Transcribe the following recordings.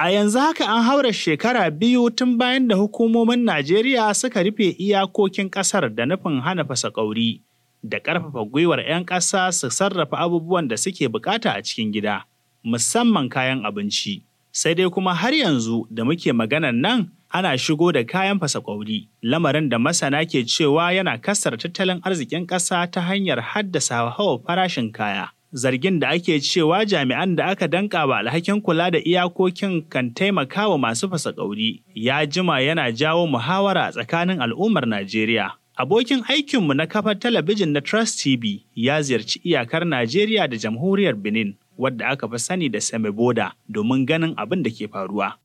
A yanzu haka an haura shekara biyu tun bayan da hukumomin Najeriya suka rufe iyakokin ƙasar da nufin hana fasa fasakauri da ƙarfafa gwiwar 'yan ƙasa su sarrafa abubuwan da suke bukata a cikin gida, musamman kayan abinci. Sai dai kuma har yanzu da muke maganan nan ana shigo da kayan fasa fasakauri, lamarin da masana ke cewa yana kasar tattalin arzikin ƙasa ta hanyar haddasa hawa farashin kaya. zargin da ake cewa jami'an da aka danka ba alhakin kula da iyakokin kan taimaka wa masu fasa ƙauri ya jima yana jawo muhawara a tsakanin al'ummar Najeriya. Abokin aikinmu na kafar talabijin na Trust TV ya ziyarci iyakar Najeriya da Jamhuriyar Benin, wadda aka fi sani da Semeboda, domin ganin abin da ke faruwa.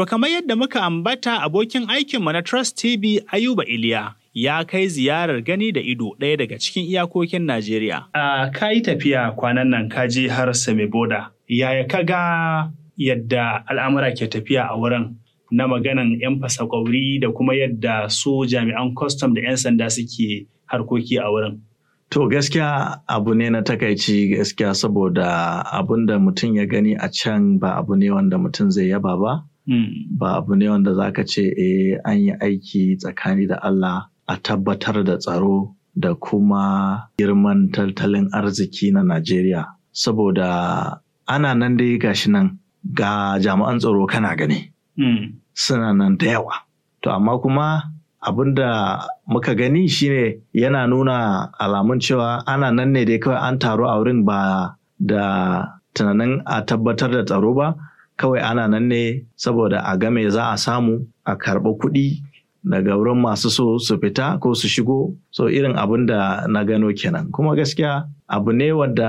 To kamar yadda muka ambata abokin aikinmu na Trust TV Ayuba Iliya ya kai ziyarar gani da ido ɗaya daga cikin iyakokin Najeriya. A ka yi tafiya kwanan nan ka je har Semiboda, Yaya ka ga yadda al'amura ke tafiya a wurin na maganan 'yan fasakwauri da kuma yadda su jami'an kwastam da 'yan sanda suke harkoki a wurin? To gaskiya abu ne na takaici gaskiya saboda abun da mutum ya gani a can ba abu ne wanda mutum zai yaba ba. Hmm. Ba abu ne wanda za ka ce eh an yi aiki tsakani da Allah a tabbatar da tsaro da kuma girman tattalin arziki na Najeriya. Saboda ana nan da dai gashi nan ga jami'an tsaro kana gani. Hmm. Suna nan da yawa. To amma kuma abin da muka gani shine yana nuna alamun cewa ana nan ne dai kawai an taru a wurin ba da tunanin a tabbatar da tsaro ba kawai ana nan ne saboda a ga game za a samu a karɓa kuɗi daga wurin masu so su fita ko su shigo so irin abin da na gano kenan kuma gaskiya abu ne wadda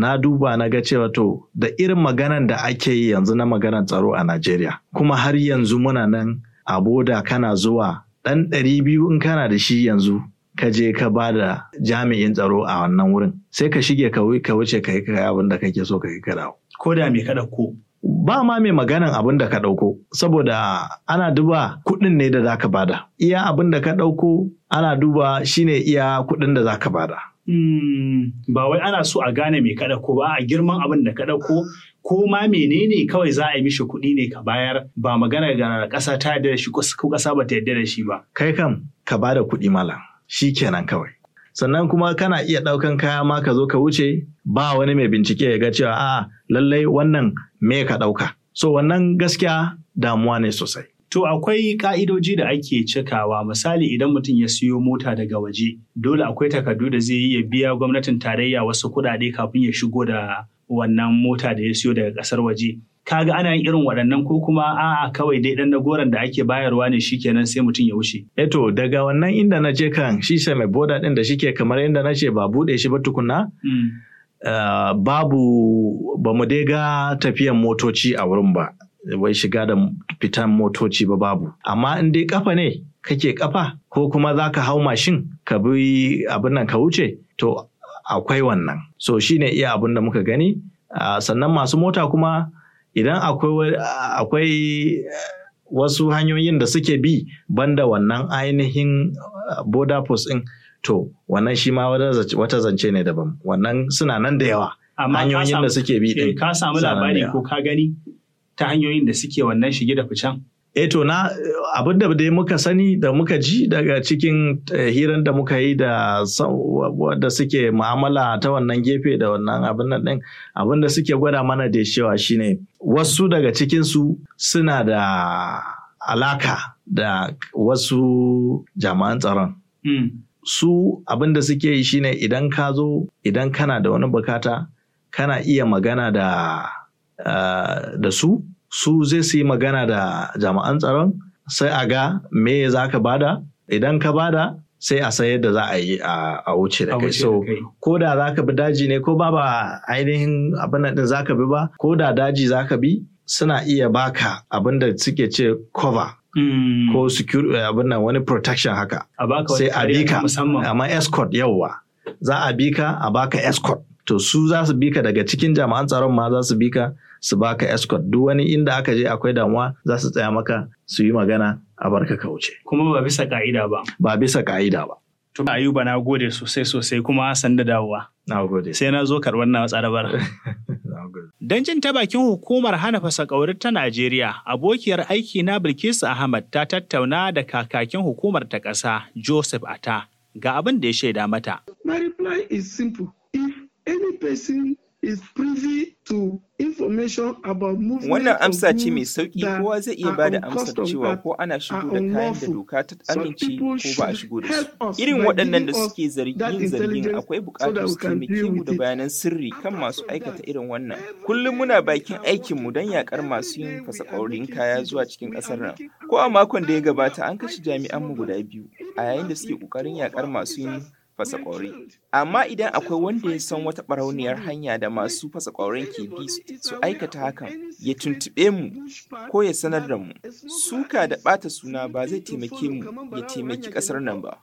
na duba na ga cewa to da irin maganan da ake yi yanzu na maganan tsaro a Najeriya kuma har yanzu muna nan a boda kana zuwa ɗan ɗari biyu in kana da shi yanzu ka je ka ba da jami'in tsaro a wannan wurin sai ka shige ka wuce ka yi abin da kake so ka yi ka dawo. Ko da me ka ɗauko ba ma mai maganan abin da ka ɗauko saboda ana duba kuɗin ne da za ka bada iya abin da ka ɗauko ana duba shine iya kuɗin da za ka bada hmm, ba wai ana so a gane mai ka ɗauko ba a girman abin da ka ɗauko ko ma menene kawai za a yi mishi kuɗi ne ka bayar ba magana ga ƙasa ta yarda da shi ko ƙasa ba ta yarda da shi ba kai kam ka bada kuɗi malam shi kenan kawai sannan kuma kana iya ɗaukan kaya ma ka zo ka wuce ba wani mai bincike ya ga cewa a'a lallai wannan me ka ɗauka. So wannan gaskiya damuwa ne sosai. To akwai ka'idoji da ake cikawa misali idan mutum ya siyo mota daga waje dole akwai takardu da zai yi ya biya gwamnatin tarayya wasu kuɗaɗe kafin ya shigo da wannan mota da ya siyo daga ƙasar waje. Kaga ana yin irin waɗannan ko kuma a'a kawai dai ɗan na goron da ake bayarwa ne shi shikenan sai mutum ya wuce. Eto eh daga wannan inda na je kan shi mai boda ɗin da shike kamar inda na ce ba buɗe shi ba tukunna. Mm. Eh, babu ba mu dai ga tafiyan motoci a wurin ba bai shiga da fitan motoci ba babu amma in dai kafa ne kake kafa ko kuma za ka hau mashin ka bi abin nan ka wuce to akwai wannan so shine iya abin da muka gani eh, sannan masu mota kuma idan akwai wasu hanyoyin da suke bi banda wannan ainihin eh, border post ɗin to wannan shi ma wata zance ne daban wannan suna nan da yawa hanyoyin da suke bi din eh, ka samu labari ko ka gani ta hanyoyin da suke wannan shige da ficen E to na abin da dai muka sani da muka ji daga cikin eh, hirar da muka yi da wadda suke mu'amala ta wannan gefe da wannan abin nan din abin da suke gwada mana da cewa shine wasu daga cikinsu suna da alaka da wasu jama'an tsaron. Hmm. su abin da suke yi shine idan ka zo idan kana da wani bukata kana iya magana da eh, da su su zai su yi magana da jami'an tsaron sai a ga me za ka bada idan ka bada sai a sayar da za a yi a wuce da kai ko da za ka bi daji ne ko ba ba ainihin abin din za ka bi ba ko da daji za ka bi suna iya baka abin da suke ce cover Mm. ko security eh, abin nan wani protection haka sai a bika amma escort yauwa za a bika a baka escort to su za su bika daga cikin jami'an tsaron ma za su bika su baka escort duk wani inda aka je akwai damuwa za su tsaya maka su yi magana a barka ka wuce kuma ba bisa ka'ida ba ba bisa ka'ida ba to ayuba na gode sosai sosai kuma san da dawowa na gode sai na zo karɓar na tsarabar Don jin ta bakin hukumar hana fasakauri ta Najeriya, abokiyar aiki na Bilkisu Ahmad ta tattauna da kakakin hukumar ta ƙasa Joseph Ata ga abin da ya shaida mata. My reply is simple. If any person is privy to Wannan amsa ce mai sauƙi kowa zai iya ba da amsar cewa ko ana shigo da kayan da doka ta amince ko ba a shigo da su. Irin waɗannan da suke zargin zargin akwai buƙatar su taimake mu da bayanan sirri kan masu aikata irin wannan. Kullum muna bakin aikin mu don yaƙar masu yin ƙaurin kaya zuwa cikin ƙasar nan. Ko a makon da ya gabata an kashe jami'an mu guda biyu a yayin da suke ƙoƙarin yaƙar masu yin fasa ƙwauri. Amma idan akwai wanda ya san wata barauniyar hanya da masu fasa ƙwauren ke bi su aikata hakan ya tuntuɓe mu ko ya sanar da mu, suka da ɓata suna ba zai taimake mu ya taimaki ƙasar nan ba.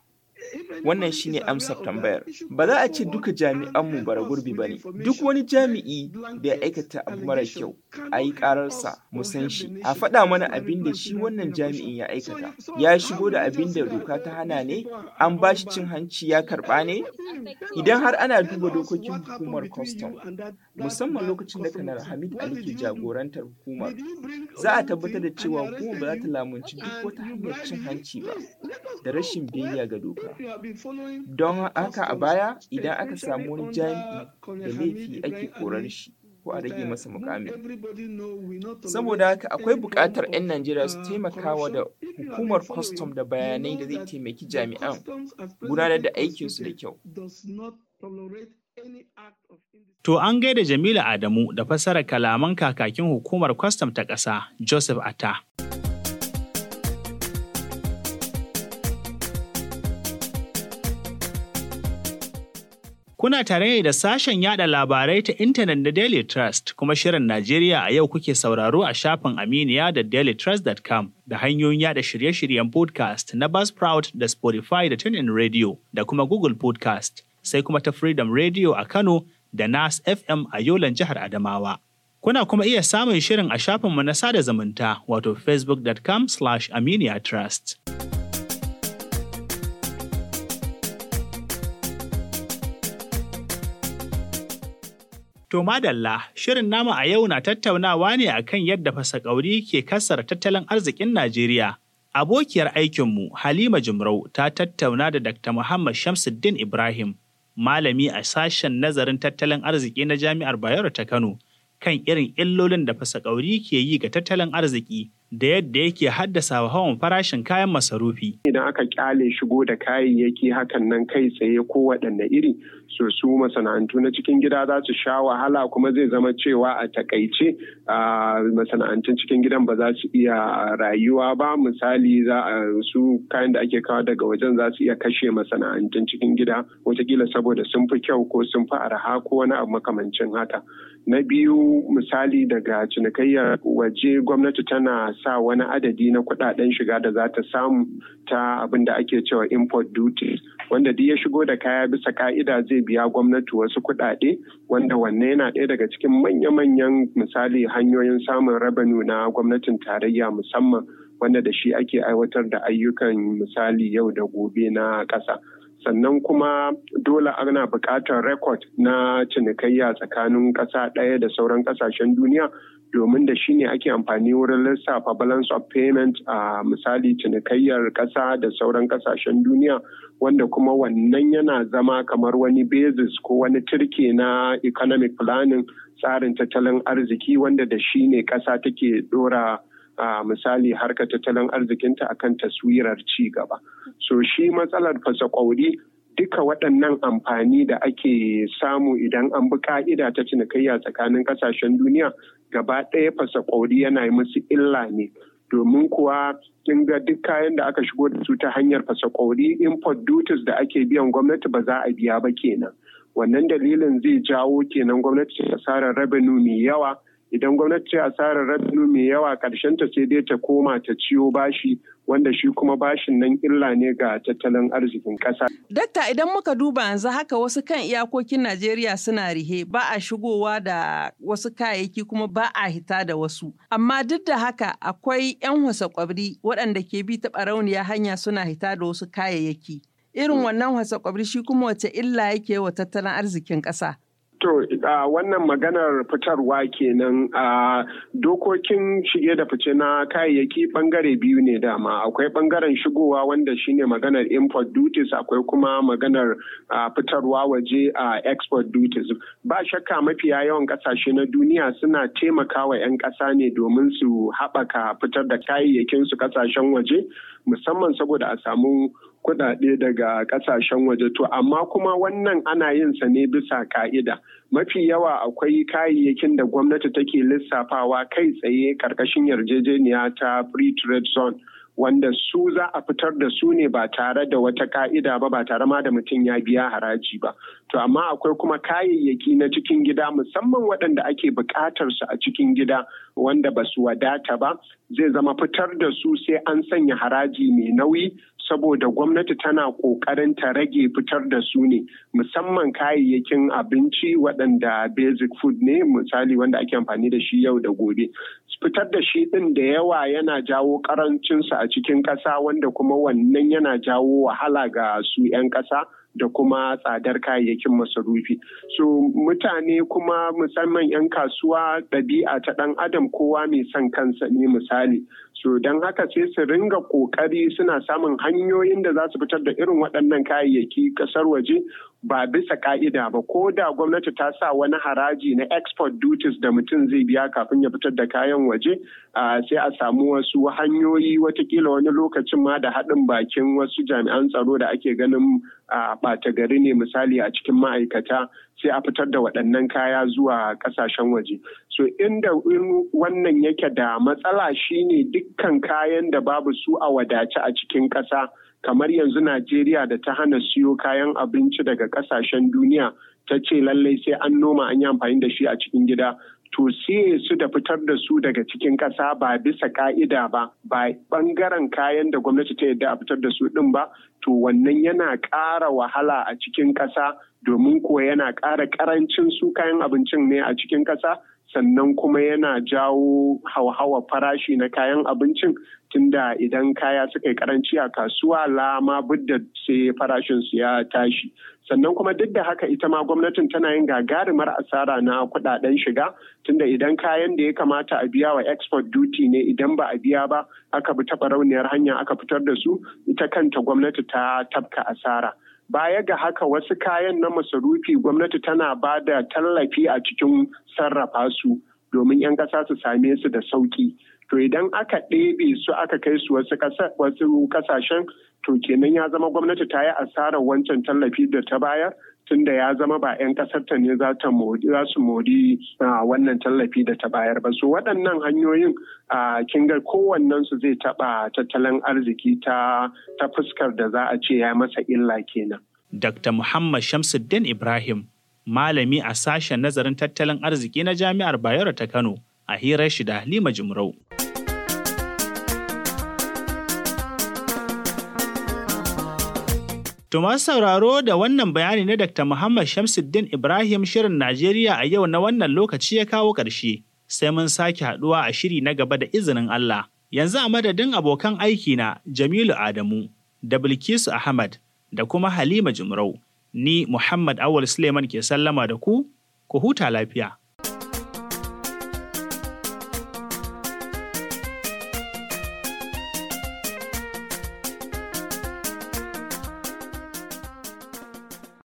Wannan shi ne amsar tambayar. Ba za a ce duka jami'anmu bara gurbi ba ne. Duk wani jami'i da ya aikata abu mara kyau, a yi ƙararsa, mu san shi. A faɗa mana abin da shi wannan jami'in ya aikata. Ya shigo da abin da doka ta hana ne, an ba shi cin hanci ya karɓa ne? Idan har ana duba dokokin hukumar kwastam, musamman lokacin da kanar Hamid Ali ke jagorantar hukumar, za a tabbatar da cewa hukumar ba za ta lamunci duk wata hanyar cin hanci ba da rashin biyayya ga doka. don haka a baya idan aka samu wani jami'i da laifi ake korar shi ko a rage uh, masa mukamin saboda haka akwai buƙatar 'yan najeriya su uh, taimakawa da hukumar kwastam da bayanai da zai taimaki jami'an gudanar da aikinsu da kyau To an gaida Jamilu Adamu da fassara kalaman kakakin hukumar kwastam ta ƙasa Joseph Atta. Kuna tare da sashen yada labarai ta intanet na Daily Trust kuma shirin Najeriya a yau kuke sauraro a shafin Aminiya da dailytrust.com da hanyoyin yada shirye-shiryen podcast na Buzzsprout da Spotify da TuneIn Radio da kuma Google Podcast sai kuma ta Freedom Radio a Kano da Nas FM a Yolan jihar Adamawa. Kuna kuma iya samun shirin a shafinmu na sada zumunta wato facebook.com/aminiya trust. To madalla, shirin nama a yau na tattaunawa ne akan yadda fasakauri ke kasar tattalin arzikin Najeriya. Abokiyar aikinmu Halima Jumrau ta tattauna da Dr. Muhammad Shamsuddin Ibrahim, malami a sashen nazarin tattalin arziki na Jami'ar Bayero ta Kano, kan irin illolin da fasakauri ke yi ga tattalin arziki da yadda yake haddasa hawan farashin kayan masarufi. Idan aka kyale shigo da kayayyaki hakan nan kai tsaye ko waɗanne iri, so su masana'antu na cikin gida za su sha wahala kuma zai zama cewa a takaice masana'antun cikin gidan ba za su iya rayuwa ba misali za su kayan da ake kawo daga wajen za su iya kashe masana'antun cikin gida watakila saboda sun fi kyau ko sun fi arha ko wani abu makamancin haka. Na biyu misali daga cinikayyar waje gwamnati tana sa wani adadi na kudaden shiga da za ta samu ta abin da ake cewa import duty wanda duk ya shigo da kaya bisa ka'ida zai biya gwamnati wasu kudade wanda wanne yana ɗaya daga cikin manya-manyan misali hanyoyin samun rabanu na gwamnatin tarayya musamman wanda da shi ake aiwatar da ayyukan misali yau da gobe na ƙasa. sannan kuma dole ana buƙatar rekod na cinikayya tsakanin ƙasa ɗaya da sauran ƙasashen duniya domin da shi ne ake amfani wurin lissafa balance of payment a misali cinikayyar ƙasa da sauran ƙasashen duniya wanda kuma wannan yana zama kamar wani basis ko wani turke na economic planning tsarin tattalin arziki wanda da shi ne ƙasa take ɗora a misali harkar tattalin arzikinta akan taswirar ci gaba. So shi matsalar fasa kwauri duka waɗannan amfani da ake samu idan an bi ka'ida ta cinikayya tsakanin ƙasashen duniya gaba ɗaya fasa ƙauri yana yi musu illa ne domin kuwa kin ga duk kayan da aka shigo da su ta hanyar fasa ƙauri import duties da ake biyan gwamnati ba za a biya ba kenan wannan dalilin zai jawo kenan gwamnati ta asarar revenue mai yawa idan gwamnati ce asarar rabinu mai yawa ƙarshen ta sai dai ta koma ta ciyo bashi wanda shi kuma bashin nan illa ne ga tattalin arzikin ƙasa. Dakta idan muka duba yanzu haka wasu kan iyakokin Najeriya suna rihe ba a shigowa da wasu kayayyaki kuma ba a hita da wasu. Amma duk da haka akwai 'yan wasa kwabri waɗanda ke bi ta ɓarauniya hanya suna hita da wasu kayayyaki. Irin mm. wannan wasa kwabri shi kuma wace illa yake wa tattalin arzikin ƙasa. To, uh, wannan maganar fitarwa kenan a uh, dokokin shige da fice na kayayyaki bangare biyu ne dama. Akwai bangaren shigowa wanda shine maganar import duties, akwai kuma maganar uh, fitarwa waje a export duties. Ba shakka mafiya yawan kasashe na duniya suna taimakawa 'yan ƙasa ne domin su haɓaka fitar da kayayyakin su kasashen waje, musamman saboda a samu kuɗaɗe daga ƙasashen waje to amma kuma wannan ana yin sa ne bisa ka'ida mafi yawa akwai kayayyakin da gwamnati take lissafawa kai tsaye ƙarƙashin yarjejeniya ta free trade zone wanda su za a fitar da su ne ba tare da wata ka'ida ba ba tare ma da mutum ya biya haraji ba to amma akwai kuma kayayyaki na cikin gida musamman waɗanda ake buƙatar su a cikin gida wanda ba su wadata ba zai zama fitar da su sai an sanya haraji mai nauyi saboda gwamnati tana ƙoƙarin ta rage fitar da su ne musamman kayayyakin abinci waɗanda basic food ne misali wanda ake amfani da shi yau da gobe fitar da shi ɗin da yawa yana jawo ƙarancinsa a cikin ƙasa wanda kuma wannan yana jawo wahala ga su 'yan ƙasa da kuma tsadar kayayyakin masarufi. So mutane kuma musamman 'yan kasuwa ɗabi'a ta ɗan adam kowa mai son kansa ne misali. So don haka sai su ringa ƙoƙari suna samun hanyoyin da za su fitar da irin waɗannan kayayyaki ƙasar waje ba bisa ka'ida ba ko da gwamnati ta sa wani haraji na export duties da mutum zai biya kafin ya fitar da kayan waje sai a samu wasu hanyoyi watakila wani lokacin ma da haɗin bakin wasu jami'an tsaro da ake ganin ɓata gari ne misali a cikin ma'aikata sai a fitar da waɗannan kaya zuwa ƙasashen waje so inda in wannan yake da matsala shine dukkan kayan da babu su a wadace a cikin ƙasa. kamar yanzu Najeriya da ta hana siyo kayan abinci daga kasashen duniya ta ce lallai sai an noma an yi amfani da shi a cikin gida to sai su da fitar da su daga cikin ƙasa ba bisa ka'ida ba ba ɓangaren kayan da gwamnati ta yadda a fitar da su ɗin ba to wannan yana ƙara wahala a cikin ƙasa domin ko yana ƙara ƙarancin su kayan abincin ne a cikin ƙasa sannan kuma yana jawo hauhawa farashi na kayan abincin tunda idan kaya suka yi karanci a kasuwa lama budda sai farashin su ya tashi sannan kuma duk da haka ita ma gwamnatin tana yin gagarumar asara na kudaden shiga tunda idan kayan da ya kamata a biya wa export duty ne idan ba a biya ba aka bi taɓa rauniyar hanya aka fitar da su ita kanta gwamnati ta tafka asara. Baya ga haka wasu kayan na masarufi gwamnati tana ba da tallafi a cikin sarrafa su domin 'yan ƙasa su same su da sauƙi. To idan aka ɗebe su aka kai su wasu ƙasashen to kenan ya zama gwamnati ta yi asarar wancan tallafi da ta bayar da ya zama ba 'yan ta ne za su mori wannan tallafi da ta bayar ba. So waɗannan hanyoyin kin ga kowannen su zai taɓa tattalin arziki ta fuskar da za a ce ya masa illa kenan. Dr. Muhammad Shamsuddin Ibrahim, malami a sashen nazarin tattalin arziki na Jami'ar Bayero ta Kano, a hirar shi da Halima Jumrau. To masu sauraro da wannan bayani na Dr. Muhammad Shamsuddin Ibrahim Shirin Najeriya a yau na wannan lokaci ya kawo ƙarshe, sai mun sake haɗuwa a shiri na gaba da izinin Allah. Yanzu a madadin abokan aiki na Jamilu Adamu, da Bilkisu Ahmad, da kuma Halima Jumrau, ni Muhammad Awul Suleiman ke sallama da ku, ku huta lafiya.